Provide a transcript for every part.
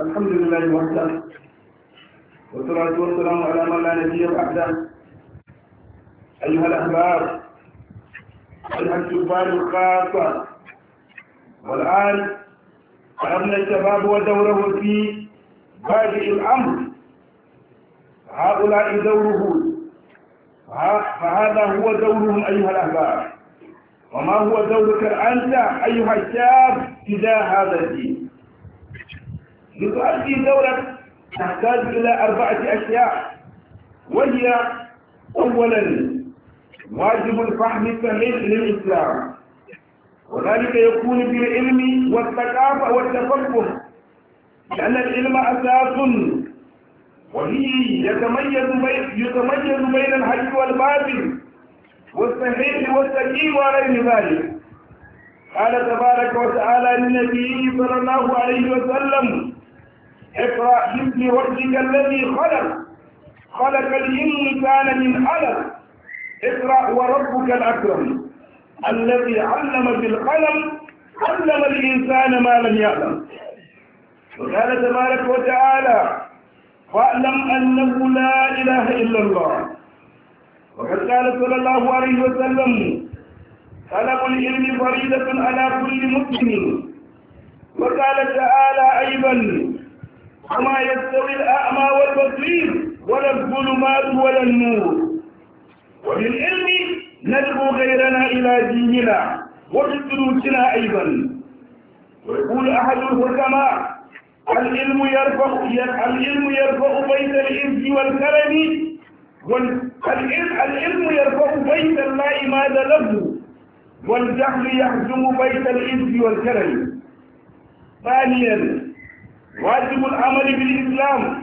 الحمد لله وحده والصلاة والسلام على من لا نبي بعده أيها الأحباب أيها الشباب الخاصة والآن فأبنى الشباب ودوره في بادئ الأمر هؤلاء دوره فهذا هو دورهم أيها الأحباب وما هو دورك أنت أيها الشاب تجاه هذا الدين لتؤدي دولة تحتاج إلى أربعة أشياء وهي أولا واجب الفهم الصحيح للإسلام وذلك يكون بالعلم والثقافة والتفقه لأن العلم أساس وبه يتميز بين يتميز بين الحق والباطل والصحيح والسقيم وغير ذلك قال تبارك وتعالى للنبي صلى الله عليه وسلم اقرأ باسم ربك الذي خلق خلق الإنسان من علم اقرأ وربك الأكرم الذي علم بالقلم علم الإنسان ما لم يعلم وقال تبارك وتعالى فاعلم أنه لا إله إلا الله وقد قال صلى الله عليه وسلم طلب العلم فريضة على كل مسلم وقال تعالى أيضا فما يستوي الأعمى والبصير ولا الظلمات ولا النور وبالعلم ندعو غيرنا إلى ديننا وبسلوكنا أيضا ويقول أحد الحكماء العلم يرفع العلم يرفع بيت الإنس والكرم العلم يرفع بيت لا إماد له والجهل يهزم بيت الإنس والكرم ثانيا واجب العمل بالإسلام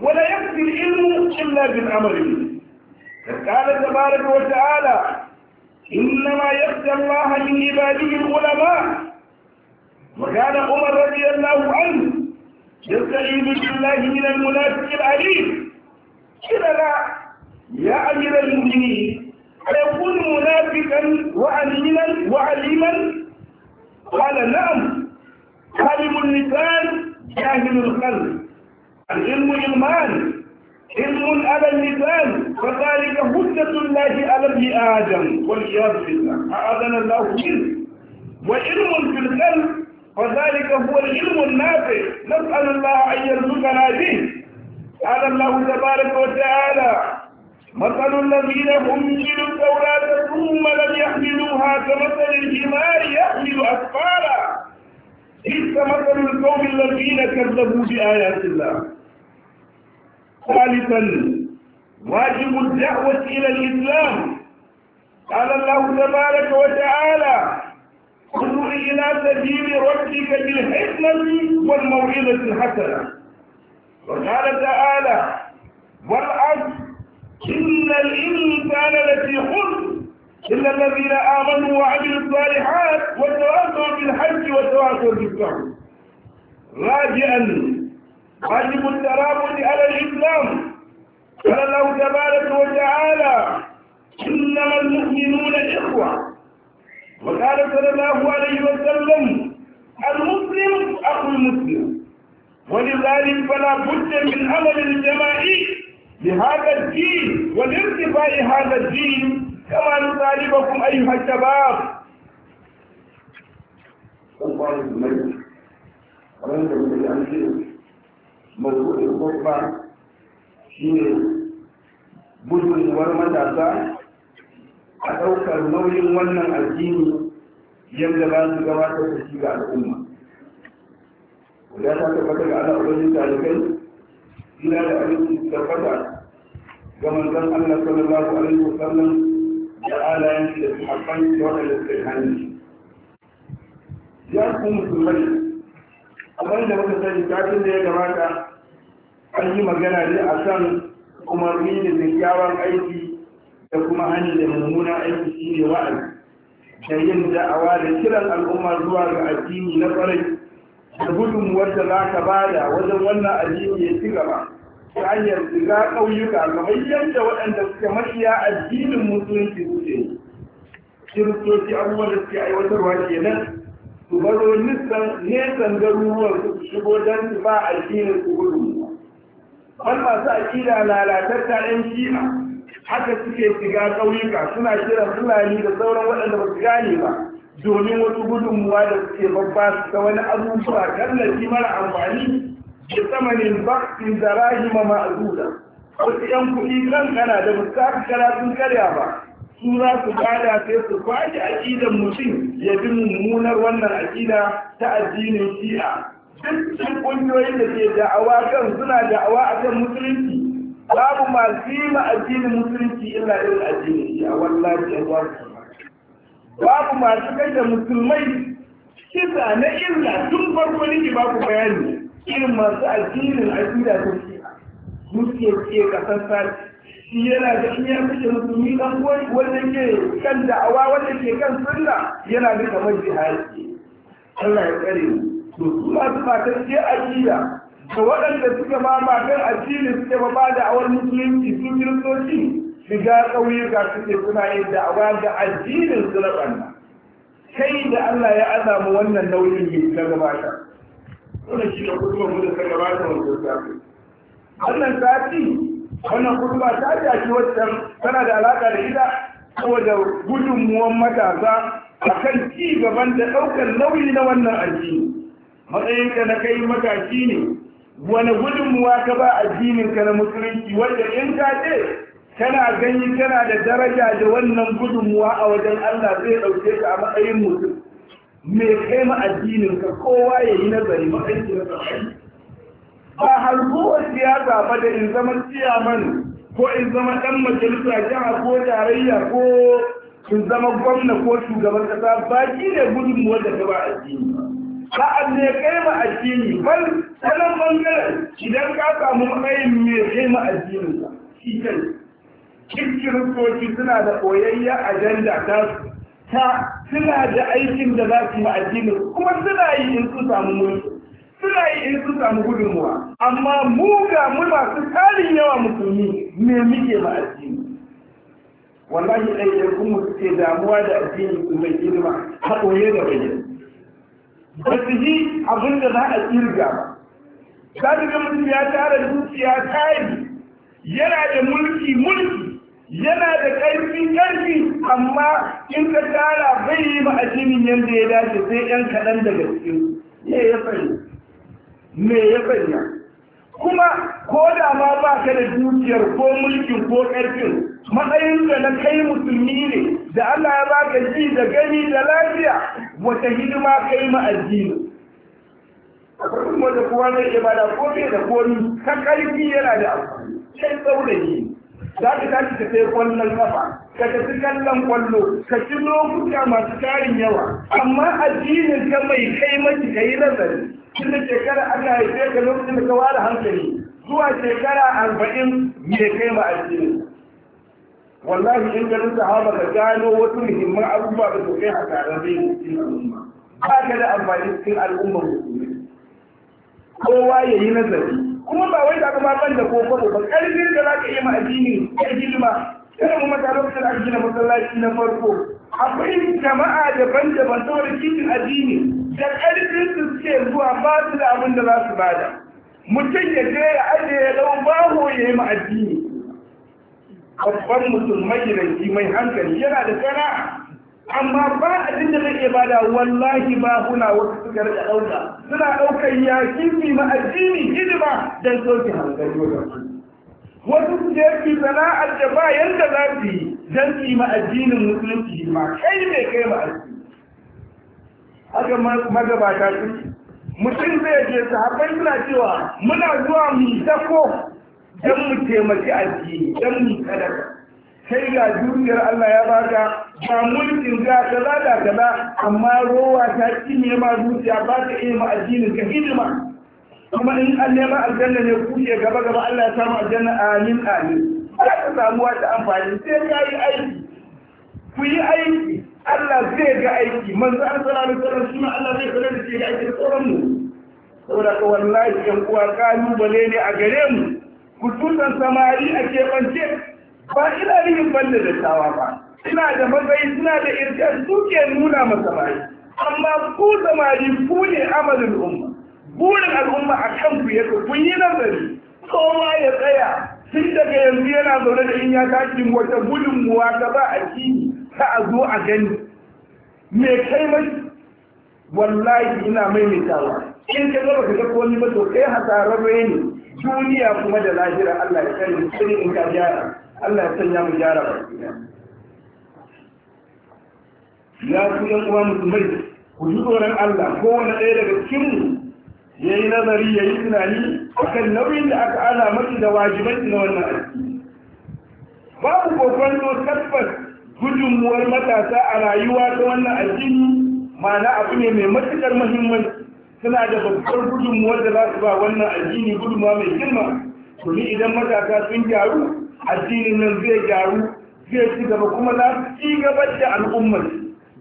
ولا يكفي العلم إلا بالعمل به قال تبارك وتعالى إنما يخشى الله من عباده العلماء وكان عمر رضي الله عنه يستعيذ بالله من المنافق العليم قيل لا يا أمير المؤمنين أيكون منافقا وعليما وعليما قال نعم عالم اللسان جاهل القلب العلم علمان علم على اللسان فذلك حجة الله على ابن آدم والعياذ بالله أعاذنا الله منه وعلم في القلب وذلك هو العلم النافع نسأل الله أن يرزقنا به قال الله تبارك وتعالى مثل الذين حملوا التوراة ثم لم يحملوها كمثل الحمار يحمل أسفارا بئس مثل القوم الذين كذبوا بآيات الله ثالثا واجب الدعوة إلى الإسلام قال الله تبارك وتعالى ادعو إلى سبيل ربك بالحكمة والموعظة الحسنة وقال تعالى والعصر إن الإنسان لفي خلق إلا الذين آمنوا وعملوا الصالحات وتواصوا بالحج وتواصوا بالصبر راجعا واجب الترابط على الإسلام قال الله تبارك وتعالى إنما المؤمنون إخوة وقال صلى الله عليه وسلم المسلم أخو المسلم ولذلك فلا بد من عمل الجماعي لهذا الدين ولارتفاع هذا الدين كما نطالبكم أيها الشباب القرآن المجيد ولن a ɗaukar nauyin wannan addini yadda za su gabatar da shi ga al'umma. Guda ta tabbata ga Allah wajen talibai, ina da abin tabbata ga manzan Allah sallallahu alaihi wa da halayen da su ya ku musulmai da muka sani kafin da ya gabata an yi magana ne a kan umarni da kyakkyawan aiki da kuma hanyar da mummuna aiki shi ne wa'azi da yin da'awa da kiran al'umma zuwa ga addini na kwarai da gudunmuwar da za ka bada wajen wannan addini ya ci gaba ta hanyar shiga ƙauyuka kamar yadda waɗanda suka mashiya addinin musulunci suke yi kiristoci abubuwan da suke aiwatarwa ke nan, su baro nisan garuruwan su shigo don su ba addinin su gudu. wani masu aƙida lalatar ta ɗan shi'a haka suke shiga ƙauyuka suna kiran fulani da sauran waɗanda ba su gane ba domin wasu gudunmuwa da suke babba su ta wani abubuwa tallafi mara amfani bi tsamanin baksin da rahima ma'azuda wasu 'yan kuɗi gana da ba sa karatun karya ba su za su gada sai su kwaji aƙidan mutum ya bi mummunar wannan aƙida ta addinin shi'a dukkan ƙungiyoyin da ke da'awa kan suna da'awa a kan musulunci babu masu yi ma addinin musulunci illa irin addinin shi'a wallahi ya ba babu masu kai da musulmai kisa na illa tun farko nake baku bayani irin masu addinin aƙida ko ce duke ce kasar sati shi yana da shi ya fice musulmi wanda ke kan da'awa wanda ke kan sunna yana da kamar jihari Allah ya tsare mu to su ma matan ce aƙida da waɗanda suka ma matan addini suke ba da awar musulunci sun kiristoci shiga ƙauyuka suke suna yin da'awa da addinin su na kai da Allah ya azamu wannan nauyin ne na gabata wannan shi ne kutubar mu da ta gabata wanda ta wannan sati wannan kutuba ta jaki waccan tana da alaƙa da ita da gudunmuwan matasa a kan ci gaban da ɗaukar nauyi na wannan addini matsayinka na kai matashi ne wani gudunmuwa ka ba addininka na musulunci wanda in ka ce, kana gani kana da daraja da wannan gudunmuwa a wajen Allah zai ɗauke ka a matsayin mutum mai kai ma addinin ka kowa ya yi nazari matsayin na tsarki ba harkuwar siyasa ba da in zama ciyaman ko in zama ɗan majalisa jiha ko tarayya ko in zama gwamna ko shugaban kasa baki ne gudunmuwar da ta ba addini a ne kai ma addini bal sanan bangaren idan ka samu matsayin me kai ma addinin ka shi kai kirkirin soci suna da koyayya ajanda ta su ta suna da aikin da za su yi addini kuma suna yi in su samu mulki suna yi in su samu gudunmuwa amma mu ga mu masu tarin yawa musulmi me muke ma addini wallahi ɗaya da kuma suke damuwa da addini su mai girma a ɓoye da bayan. ba su yi abin da za a kirga ba za su ga mutum ya tara dukiya tari yana da mulki mulki yana da ƙarfi ƙarfi amma in ka tara bai yi ba cikin yadda ya dace sai ƴan kaɗan daga cikin me ya sanya me ya kuma ko da ma ba ka da dukiyar ko mulkin ko ƙarfin da na kai musulmi ne da Allah ya baka ji da gani da lafiya wata hidima kai ma addini kuma da kowa zai ibada ko da komi ka ƙarfi yana da amfani sai saurayi za ka tashi ka sai kwallon kafa ka tafi kallon kwallo ka ci lokuta masu tarin yawa amma addinin ka mai kai maki ka yi nazari tun da shekara aka haife ka lokacin da ka ware hankali zuwa shekara arba'in mai kai ma addinin wallahi in ganin sahaba ka gano wasu muhimman abubuwa da kai a taron rai cikin al'umma ba ka da amfani cikin al'ummar musulmi kowa ya yi nazari kuma ba wai da kuma ban da ko ba karfin da zaka yi ma addini ya gilma. kuma ta lokacin da ake na masallaci na farko akwai jama'a daban-daban wani kishin addini da karfin su suke zuwa ba su da abin da za su bada mutum ya je ya ajiye ya ba baho ya yi ma addini babban musulmai mai hankali yana da sana'a amma ba a jin da zai bada wallahi ba kuna wasu suka rika ɗauka suna ɗaukar yakin fi ma'ajini hidima don sauke hankali wasu su je fi sana'ar da ba yadda za su yi don su yi ma'ajinin musulunci hidima kai ne kai ma'ajini haka magabata su mutum zai je sahabbai suna cewa muna zuwa mu dako don mu taimaki addini don mu sadaka Kai ga duniyar Allah ya baka ga mulkin ga kaza da kaza amma rowa ta cinye ma zuciya ba ta iya ma addinin ka hidima kuma in an nema aljanna ne ku ke gaba gaba Allah ya samu aljanna amin amin za ta samu wata amfani sai ka yi aiki ku yi aiki Allah zai ga aiki manzo an sallallahu alaihi wasallam shi ma Allah zai kula da ke ga aikin tsoron mu saboda ka wallahi yan uwa kalubale ne a gare mu ku tusan samari a kebance ba ina yin banda da ba ina da mazai suna da irkan suke nuna masa bayi amma ku samari ku ne amalin umma burin al'umma a kan ku ya ku yi nazari kowa ya tsaya tun daga yanzu yana zaune da in ya tashi wata gudunmuwa ta ba a kini ta a zo a gani me kai mai wallahi ina maimaitawa in ka zama ka ga wani ba to kai hasararre ne duniya kuma da lahira Allah ya sani sai in ka gyara Allah ya sanya mu gyara baki ya ku yan uwa musulmai ku ji tsoron Allah Ko wani ɗaya daga cikinmu ya yi nazari ya yi tunani kan nauyin da aka ana mashi da wajibai na wannan aiki babu kokwanto tabbas gudunmuwar matasa a rayuwa ta wannan addini ma'ana abu ne mai matuƙar muhimmanci suna da babbar gudunmuwar da za su ba wannan addini gudunmuwa mai girma Kuni idan matasa sun gyaru addinin nan zai gyaru zai ci gaba kuma za su ci gaba da al'ummar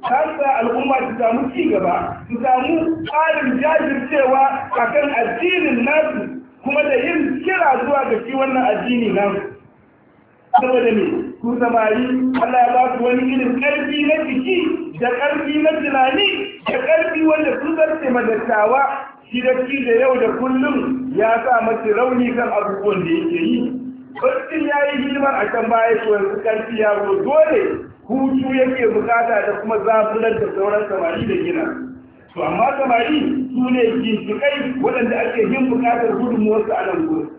ta sa al'umma su samu ci gaba su samu ƙarin jajircewa akan addinin nasu kuma da yin kira zuwa ga shi wannan addini nasu saboda ne su samari Allah ya ba su wani irin ƙarfi na jiki da karfi na tunani da ƙarfi wanda su zarce madattawa shi da da yau da kullum ya sa mace rauni kan abubuwan da yake yi barcin ya yi hidima a can baya to yanzu karfi ya zo dole hutu yake bukata da kuma zafunan da sauran samari da gina to amma samari su ne ginshikai waɗanda ake yin bukatar gudunmuwarsu a nan gudu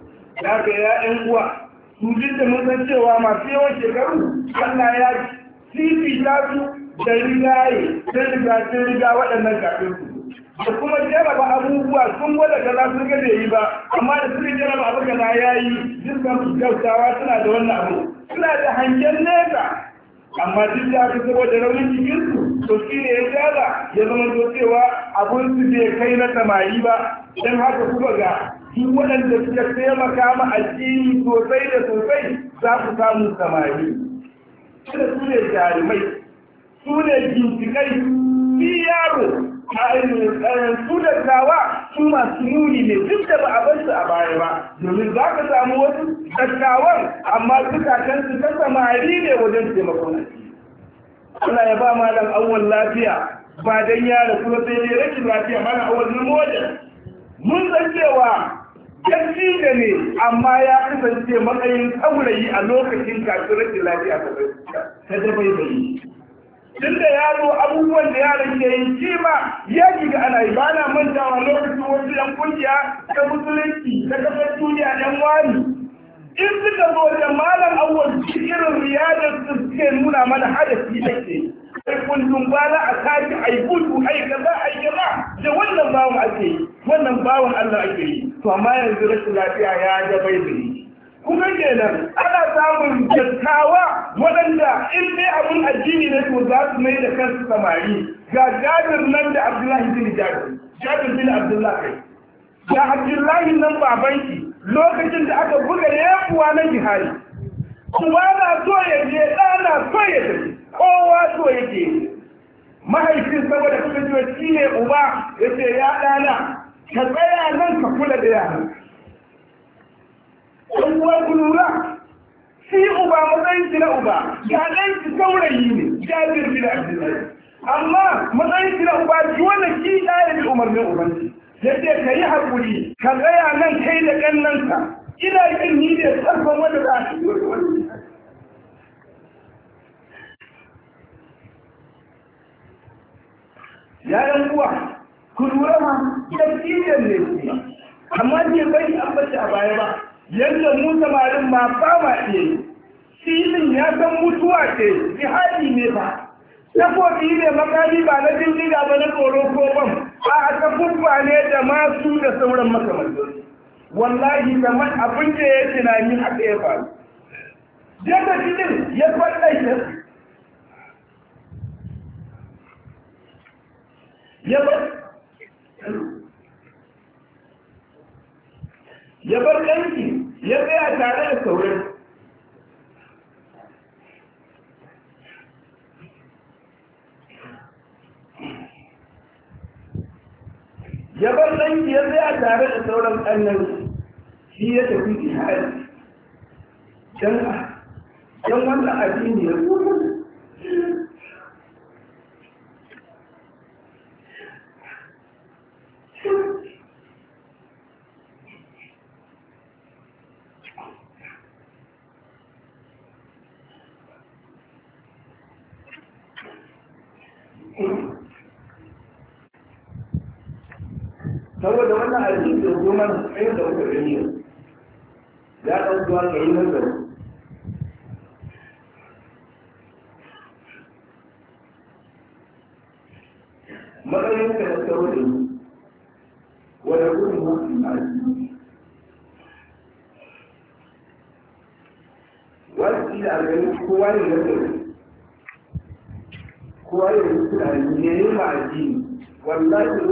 da ya uwa su duk da mun san cewa masu yawan shekaru allah ya fifi su da rigaye da riga waɗannan kafin su da kuma jaraba abubuwa sun gwada kaza sun ga yi ba amma da sun jaraba abu kaza ya yi duk da su suna da wannan abu suna da hangen nesa amma duk da aka saboda raunin su to shi ne ya gaza ya zama to cewa abun su bai kai na samari ba don haka kuma ga duk waɗanda suka taimaka ma addini sosai da sosai za ku samu samari. su ne jarumai, su ne ginshiƙai, shi yaro su da dattawa su masu nuni ne duk da ba a bar su a baya ba domin za ka samu wasu dattawan amma su ta samari ne wajen taimakon Allah ya ba malam awwal lafiya ba dan ya kuma ba sai dai rashin lafiya malam awwal numoda mun san cewa yanci da ne amma ya kasance matsayin tsaurayi a lokacin kasuwar rashin lafiya ta bai da tunda ya zo abubuwan da yaron ke yin kima ya giga ana yi bana mantawa lokacin wasu yan kungiya ta musulunci ta kasar duniya yan wani in suka zo da malam awwal irin riyadar su suke nuna mana hadafi ake sai kullum bala a kaji ai yi gudu a yi da wannan bawan ake yi wannan bawan Allah ake yi to amma yanzu rashin lafiya ya da bai kuma kenan ana samun jattawa waɗanda in dai abin addini ne to za su mai da kansu samari ga jabir nan da abdullahi bin jabir jabir bin abdullahi da abdullahi nan babanki lokacin da aka buga yafuwa na jihari kuma na so ya je ɗana so ya tafi kowa so yake mahaifin saboda kasancewa shi ne uba ya ce ya ɗana ka tsaya nan ka kula da yaran ɗan uwa ku lura shi uba matsayin shi na uba ya ɗan saurayi ne ya jabir da abdullahi amma matsayin shi na uba shi wanda shi ɗaya bi umarnin ubanci yadda ka yi haƙuri ka tsaya nan kai da ƙannanka ina kin ni da sarfan wanda za a yi wani yayan uwa ku lura ma da ne amma ne bai ambata a baya ba yadda mu samarin ma ba ma filin ya san mutuwa ce jihadi ne ba Ta takobi ne makami ba na da ba na tsoro ko ban a aka kubba ne da masu da sauran makamantar wallahi kamar abin da ya tunani haka ya faru yadda filin ya faɗa shi ya faɗa ya bar ɗanki ya tsaya tare da sauran ya bar ɗanki ya tsaya tare da sauran ƙannan shi ya tafi jihari can wannan addini ya kuma hukumar tsayar da kuka gani yanzu ya ɗan zuwa ka yi nazari matsayin ka da tsaro da yi wadda gudun hukun a wani da algani kowa ne nazari kowa ne rukun a ne yi ma wallahi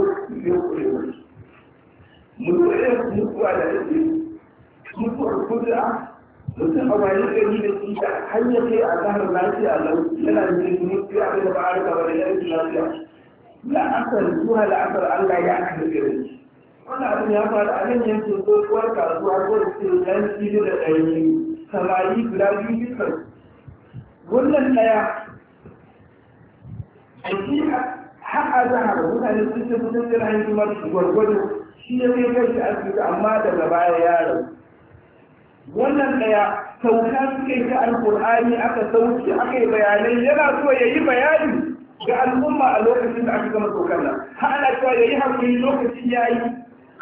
mutuwar kudura mutum a bayan gari da shi da hanyar sai a zahar lafiya lau yana da mutu a da ba'a rika bari yana da lafiya la'asar zuwa la'asar allah ya aka gari wannan abin ya faru a nan yankin tsohuwar kasuwa ko da ke yan fili da ɗari samari guda biyu bisan wannan ɗaya a shi har zahar mutane sun ce mutum yana yin kuma gwargwado shi ya kai kai shi asibiti amma daga baya yaro wannan daya sauka suke ta alkur'ani aka sauki aka yi bayanai yana so ya yi bayani ga al'umma a lokacin da aka gama saukar nan har ana cewa ya yi hakuri lokacin ya yi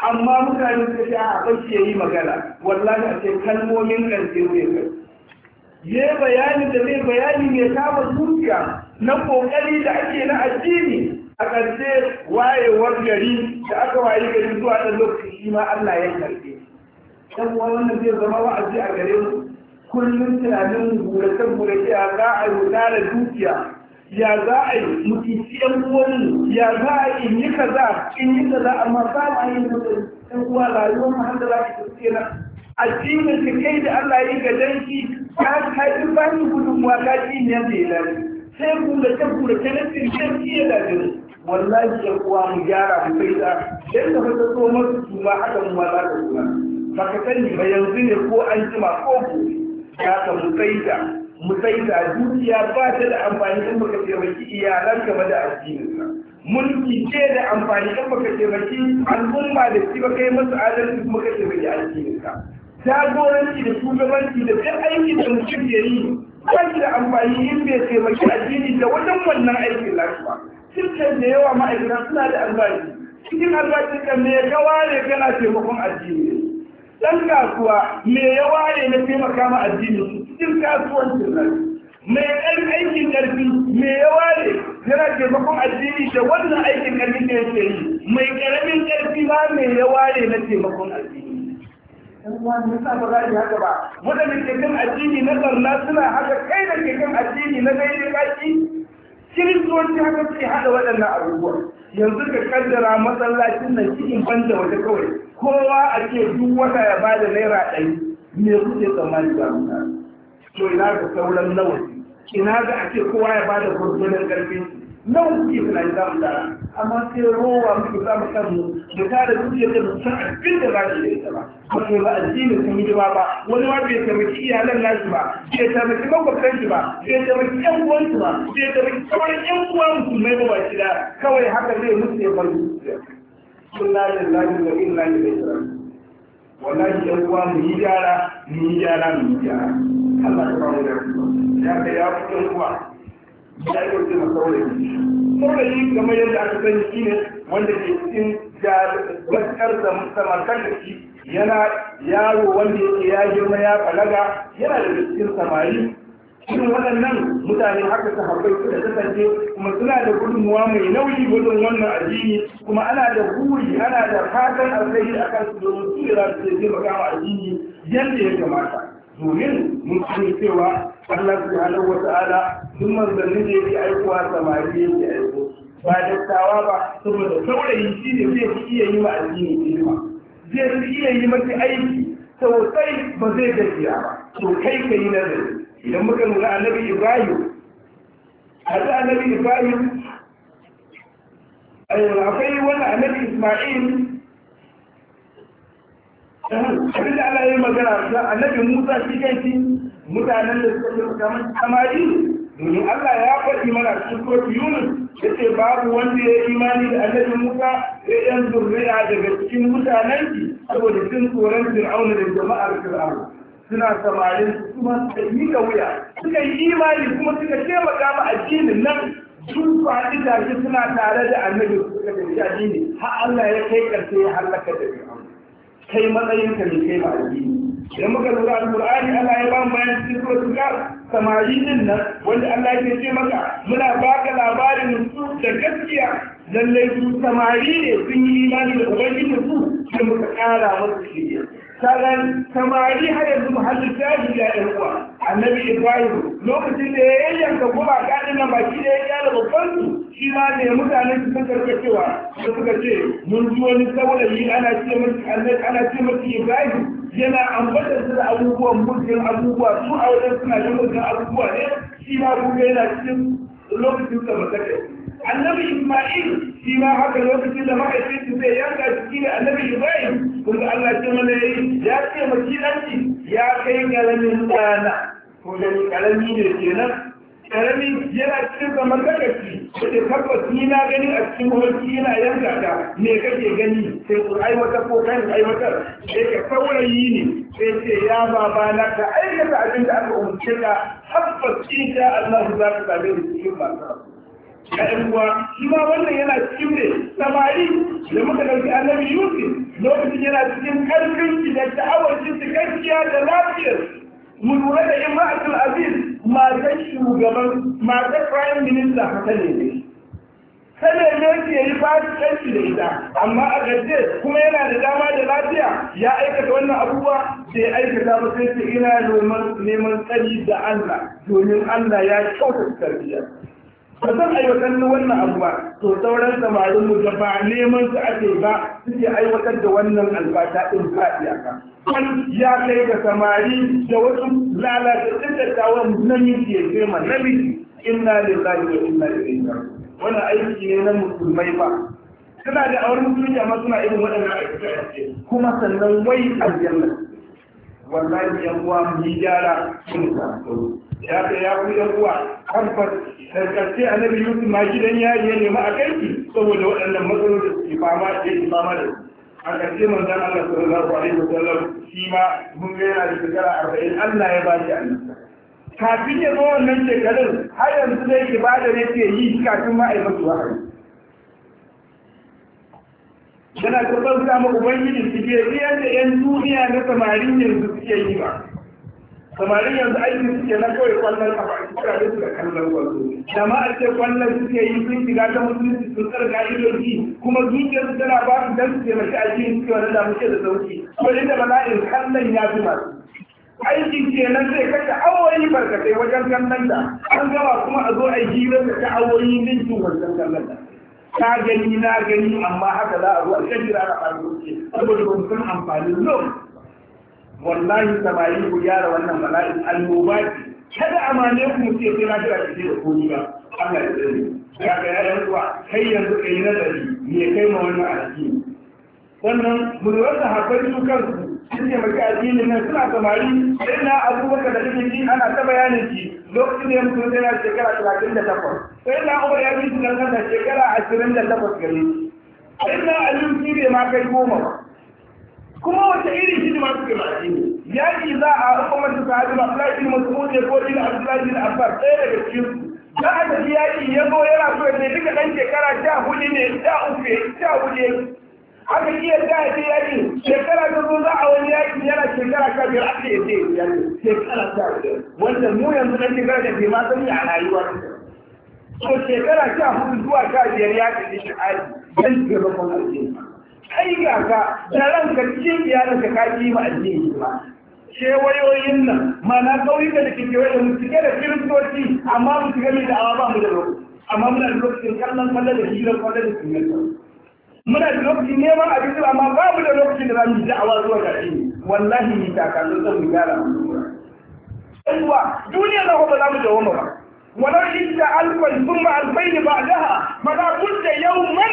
amma mutane suka sha a bashi ya yi magana wallahi a ce kalmomin ƙarfi ne kai ya bayani da zai bayani mai kama zuciya na ƙoƙari da ake na addini a ƙarshe wayewar gari da aka waye gari zuwa ɗan lokaci shi ma Allah ya karɓe Ɗan uwa wannan zai zama wa'azi a gare mu kullum tunanin gurace gurace ya za a yi da dukiya ya za a yi mutunci yan uwan ya za a yi in yi kaza in yi kaza amma ba ma yin mutunci yan uwa rayuwar mu har da za ki tsaye A cikin ka kai da Allah ya yi ga danki ka ka yi ba ni gudunmuwa ka ji ne da ya lafi sai gurace gurace na tsirgin fiye da jini wallahi yan uwa mu gyara mu kai da yadda ka zo masu tuma haka mu ba za ta tuma ba ka sani ba yanzu ne ko an jima ko ku ya ka musaida musaida dukiya ba ta da amfani in baka taimaki iyalan ka ba da addininka mulki ce da amfani in baka taimaki al'umma da shi ba kai masu adalci kuma ka taimaki addininka jagoranci da shugabanci da duk aiki da mutum ke yi ba shi da amfani in bai taimaki addini da wajen wannan aikin lafiya ba. da yawa ma'aikatan suna da albashi cikin albashin kan ne ka kana taimakon addini ɗan kasuwa me ya waye na taimaka ma addini cikin kasuwancin nan mai ɗan aikin ƙarfi me ya waye yana taimakon addini da wannan aikin ƙarfi da yake yi mai ƙaramin ƙarfi ma me ya waye na taimakon addini wani sa ba za a yi haka ba waɗanda ke kan addini na tsarna suna haka kai da ke kan addini na daidai baki kiristoci haka suke haɗa waɗannan abubuwa yanzu ka kaddara masallacin nan cikin banda wata kawai kowa a ce duk wata ya ba da naira ɗari ne kuke tsammani ba na to ina ga sauran nawa ina ga a ce kowa ya ba da gurgunan ƙarfi nawa kuke tunani za mu tara amma sai rowa muke za mu kanmu da ta da kuke da san abin da za su yi ta ba su ba addini sun yi ba wani ma bai taimaki iyalan nasu ba bai taimaki makwabtan shi ba bai taimaki ƴan uwansu ba bai taimaki sauran ƴan uwansu mai ba ba shi da kawai haka zai musu ya bar zuciya inna lillahi wa mu yi gyara mu yi gyara mu yi gyara Allah ya da ya ka ya fi yan ya kamar yadda aka sani shi ne wanda ke cikin da shi yana yaro wanda yake ya girma ya balaga yana da cikin samari irin waɗannan mutane haka su haɓai da kasance kuma suna da gudunmuwa mai nauyi wajen wannan addini kuma ana da buri ana da fatan alkhairi a kansu domin su ne su je taimaka wa addini yadda ya kamata domin mun sani cewa Allah subhanahu wa ala, duk manzanni da fi aikowa samari ya ke aiko ba dattawa ba saboda saurayi shi ne zai iya yi wa addini ilima zai fi iya yi masa aiki sosai ba zai gajiya ba to kai ka yi nazari idan muka nuna annabi ibrahim a da annabi ibrahim a akwai wani annabi isma'il abin da ala yi magana annabi musa shi kai mutanen da suka yi kamar samari domin Allah ya faɗi mana cikin kotu Yunus ya ce babu wanda ya yi imani da annabi Musa ya yan zurriya daga cikin mutanen ki saboda sun tsoron auna da jama'ar Fir'aun suna samarin kuma suka yi da wuya suka yi imani kuma suka taimaka ma addinin nan sun faɗi tashi suna tare da annabi suka tafi addini har Allah ya kai ƙarshe ya halaka da Fir'aun kai matsayinka ne kai ma addini idan muka lura alqur'ani Allah ya ba mu bayan cikin suratul kaf samari din nan wanda Allah ya ce maka muna baka labarin su da gaskiya lallai su samari ne sun yi imani da ubangiji su sai muka kara musu shiriya karan samari har yanzu muhallin tashi ya yi uwa annabi ibrahim lokacin da ya yanka guba kaɗin nan baki da ya kyara babban su shi ma ne mutanen su sun karkacewa da suka ce mun ji wani saurayi ana ce masu ibrahim yana ambatar su da abubuwan mutum abubuwa su a wajen suna yin mutum abubuwa ne shi ma kuma yana cikin lokacin da ba annabi isma'il shi ma haka lokacin da mahaifin zai yanka jiki da annabi ibrahim kun ga allah ce mana yayi ya ce maki ya kai ƙaramin ɗana ko da ƙarami ne kenan karami yana cikin zaman lagaci da tabbas ni na gani a cikin hulki yana yanka ta me kake gani sai ku aiwata ko kan aiwatar sai ka saurayi ne sai ce ya baba na ka aikata abin da aka umarce ka tabbas insha Allah za ka same ni cikin masu ya uwa shi ma wannan yana cikin ne samari da muka ɗauki annabi yusuf lokacin yana cikin ƙarfin shi da ta'awar shi da gaskiya da lafiyar mu lura da imra'atul aziz matar shugaban matar prime minister ka ta neme ta neme ki yayi fasikanci da ita amma a gaje kuma yana da dama da lafiya ya aikata wannan abubuwa sai aikata ba sai ina neman neman tsari da Allah domin Allah ya kyautata tarbiyyar ba zan aiwatar da wannan abu ba to sauran samarin mu da ba neman su ake ba suke aiwatar da wannan albata din ba iyaka kan ya kai ga samari da wasu lalata dattawan namiji ya girma namiji inna lillahi wa inna ilaihi wannan aiki ne na musulmai ba suna da auren musulunci amma suna irin waɗannan aikace kuma sannan wai aljanna wallahi yan uwa mu gyara mu samu ya ta ya ku yan uwa kamfar karkace annabi yusuf ma gidan yayi ya nemi a kanki saboda waɗannan matsaloli da suke fama da yake fama da su a ƙarshe manzan Allah sallallahu alaihi wa sallam shi ma mun ga yana da shekara arba'in Allah ya ba shi annabta kafin ya zo wannan shekarun har yanzu zai dai ibada ne ke yi kafin ma a yi masu wahayi yana ta bauta ma ubangiji su ke biyan da 'yan duniya na samarin yanzu suke yi ba samarin yanzu aiki suke na kawai kwallon kafa a cikin su da kallon kwallo ce kwallon suke yi sun shiga ta musulunci sun tsara ka'idoji kuma zuciyar su tana ba su dan su taimaki cikin suke wani da muke da sauki ko inda bala'in kallon ya fi masu aiki nan zai kashe awoyi barkatai wajen kallon da an gama kuma a zo a yi hirar da ta awoyi ninkin wajen da gani na gani amma haka za a zo a kan jira a ɓargo ce saboda ban san amfanin lokaci wallahi samari ku gyara wannan bala'in annoba ce kada amane ku ce sai na jira kike da komai ba Allah ya tsare ya ga yi kuwa kai yanzu kai nazari me kai ma wannan addini sannan mulwar sahabbai su kansu sun ce maka addinin nan suna samari sai na abubakar da ibn ji ana ta bayanin shi lokacin da ya mutu sai shekara talatin da takwas sai na umar ya yi nan kasa shekara ashirin da takwas gare sai na alim shi ma kai goma ba kuma wata irin hidima suke ba addini yaƙi za a rufe masu sahabi ba Abdullahi bin Mas'ud ya ko ila Abdullahi bin Abbas ɗaya daga cikin za a tafi yaƙi ya zo yana so ne duka ɗan shekara sha hudu ne sha uku sha hudu aka iya da ya ce yaƙi shekara ta zo za a wani yaƙi yana shekara sha biyar aka iya ce yaƙi shekara sha biyar wanda mu yanzu ɗan shekara da ke ma sani a rayuwa. so shekara sha hudu zuwa sha biyar yaƙi ne shi aji don taimakon aljihun shirya ka da ranka cikin iyalinka ka kaji ma addini ba kewayoyin nan mana kauyuka da ke kewaye mu cike da kiristoci amma mu shiga mai da'awa ba mu da lokaci amma muna da lokacin kallon kwallo da hirar kwallo da sunyarsa muna da lokacin neman abinci amma ba mu da lokacin da za mu yi da'awa zuwa ga addini wallahi ni ta kallon zan mu gyara mu aiwa duniya na ba za mu dawo ba ولو جئت ألفا ثم ألفين بعدها فلا بد يوما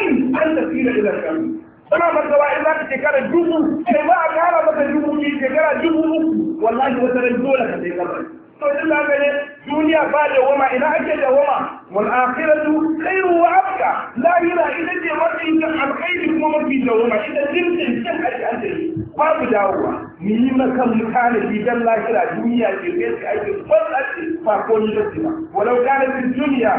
أن تسير إلى الكامل tana martaba in za ka shekara dubu sai ba a kara maka dubu biyu shekara dubu uku wallahi wata ran dole ka sai kabari to da gane duniya ba da wama ina ake da wama wal akhiratu khairu wa abqa la ila ila ce mafi da alkhairi kuma mafi da wama ida dirkin cin aji an babu dawowa mu yi maka mutane bidan lahira duniya ce kai sai ake ba ko ni da ba walau kana duniya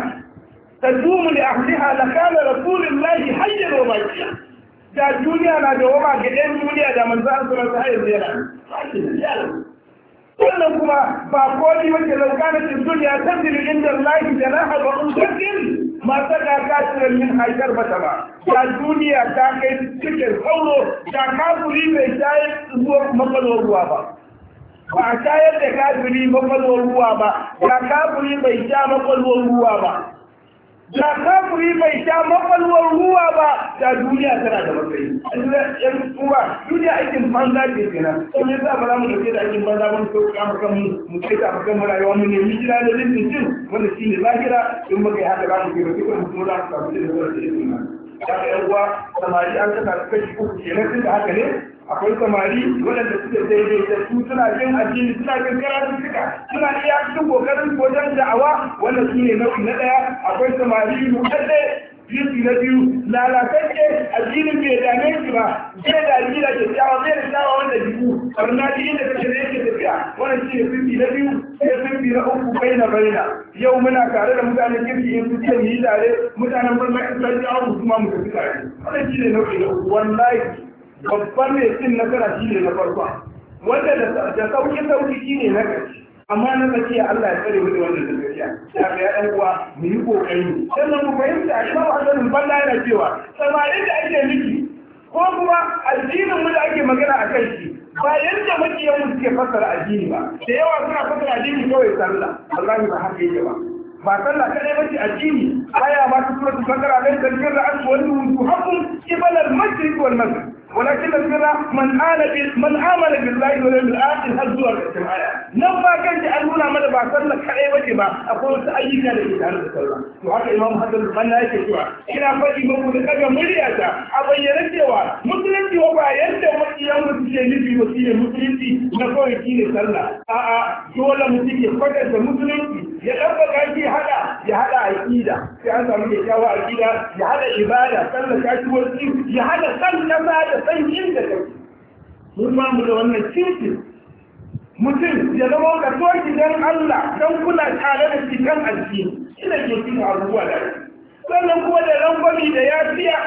duniya na da wama ga ɗan duniya da manzo an sama ta hayar zera wannan kuma ba kodi wace laukanin duniya ta ziri inda lahi da na haɗa unsakin masu gaka tiran min ba ta ba ta duniya ta kai cikin sauro ta kafuri mai shayar zuwa matsalar ruwa ba ba a shayar da kafuri matsalar ruwa ba ta kafuri mai sha matsalar ruwa ba da kafiri bai sha makwalwar ruwa ba da duniya tana da matsayi yan uwa duniya aikin banza ke kenan to ne za mu ramu da da aikin banza mun aka ka mu kan mu ce ta kan mu rayuwa mun ne mu jira da lifin jin wanda shine lahira in muka yi haka za mu ke ba kuma mu za mu samu da ta da yake nan da yan uwa samari an kasa kashi uku kenan tun da haka ne akwai samari waɗanda suke daidai da su suna jin addini suna jin karatun suka suna iya cikin kokarin wajen da'awa wanda su ne nau'i na ɗaya akwai samari mukalle jinsi na biyu lalatacce addinin bai dame shi ba zai da addini da ke tsawa zai da tsawa wanda jiku karna ji inda kashe da yake tafiya wannan shi ne sinfi na biyu sai sinfi na uku bai bai na yau muna tare da mutanen kirki in su ce mu yi tare mutanen birnin islamiyya su ma mu tafi tare wannan shi ne nau'i na uku wallahi babban mai cin nasara shi ne na farko wanda da sauki sauki shi ne na ƙarshe amma na tsakiya Allah ya tsare wani wannan da gaskiya ga ɗan uwa mu yi kokari sannan mu fahimta Imam Hassan Banna yana cewa samari da ake miki ko kuma addinin mu da ake magana a kai shi ba yadda makiyan mu suke fasara addini ba da yawa suna fassara addini kawai sallah wallahi ba haka yake ba ba sallah kadai bace addini aya ba su suratul baqara da kan kira aswad wa hakum ibal al-mashriq wal masjid ولكن البر من آل من آمن بالله واليوم الآخر هل زوار الجماعة نو ما كان يقولون ما نبغى صلى كأي وجبة ما أقول سأيك على الإنسان صلى وهذا الإمام هذا المنا إن أفضل فدي مقول كذا مريضة أبغى يرجع مسلم في وبا يرجع مسلم مسلم في مسلم مسلم في نقول كين صلى آآ دولة مسلم فقط مسلم في ya ɗabbaka shi hada ya hada aƙida sai an samu a ƙida, ya hada ibada sannan kashi wasu ya hada san kasa da san inda kai mun ma mu da wannan cikin mutum ya zama ka so gidan Allah don kuna tare da shi kan addini ina ke cikin abubuwa da sannan kuma da rangwami da yafiya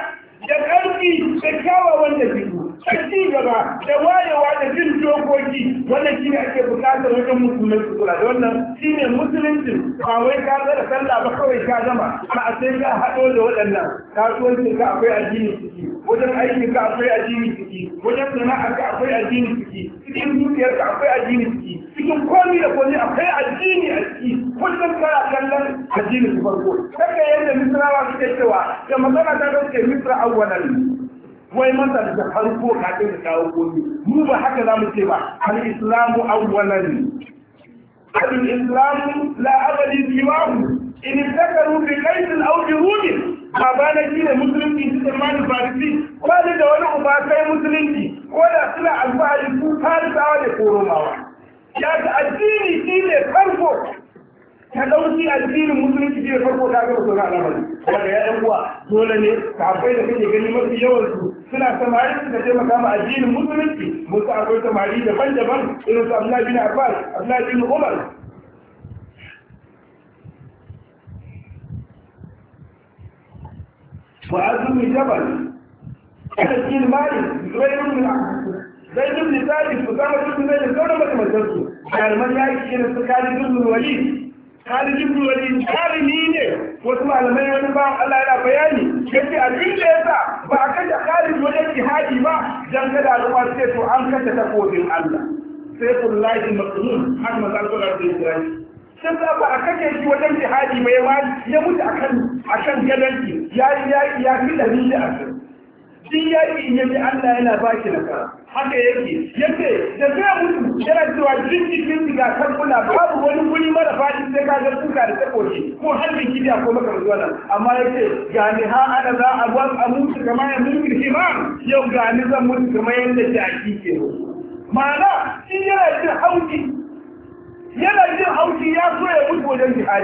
da ƙarfi da kyawawan da fito da ci gaba da wayewa da jin dokoki wannan shine ake bukatar wajen musulmai su kula da wannan shine musulunci ba wai ka zara sallah ba kawai ka zama a sai ka haɗo da waɗannan kasuwancin ka akwai addini ciki wajen aikin ka akwai addini ciki wajen sana'a ka akwai addini ciki cikin dukiyar ka akwai addini ciki cikin komi da komi akwai addini a ciki kullum kana kallon addini su farko kaga yadda misrawa suke cewa da magana ta gaske misra awwalan wai manta da har ko kafin da kawo gobe mu ba haka za mu ce ba al islamu awwalan al islamu la abadi siwahu in ibtakaru bi qaisin aw bi ba ba na da musulunci su tsammani farisi ba ni da wani uba sai musulunci ko da suna alfahari ku farisawa da koromawa ya ta addini ne farko ta ɗauki addinin musulunci ne farko ta gaba sauran al'amari daga ya ɗan uwa dole ne sahabbai da kake gani mafi yawan su suna samari suka taimaka ma addinin musulunci musu akwai samari daban-daban irin su Abdullahi bin Abbas Abdullahi bin Umar وعز بن جبل أنس بن مالك زيد بن زيد بن ثابت أسامة بن زيد كون ما تمثلتوا يعني من يعيش في سكان بن الوليد Khalid ibn Walid jarumi ne wasu malamai wani ba Allah yana bayani yace abin da sa ba a kashe Khalid wajen jihadi ba dan kada ruwa sai to an kashe takobin Allah sai kullahi maqlun har manzo Allah ya jira sai za ba a kashe shi wajen jihadi mai ma ya mutu akan akan gadanki ya ya ya fi dari da asiri din yaki in yaji Allah yana baki nasara haka yake ce da zai mutu yana cewa jirgin jirgin ga kankuna babu wani guri mara fadi sai ka ga kuka da takoki ko harbin kidiya ko maka zuwa nan amma yace ga ni ha ana za a ruwan a mutu kamar ya mutu himam yau ga ni zan mutu kamar yadda jaki ke ma'ana shi yana jin hauki yana jin hauki ya so ya mutu wajen jihadi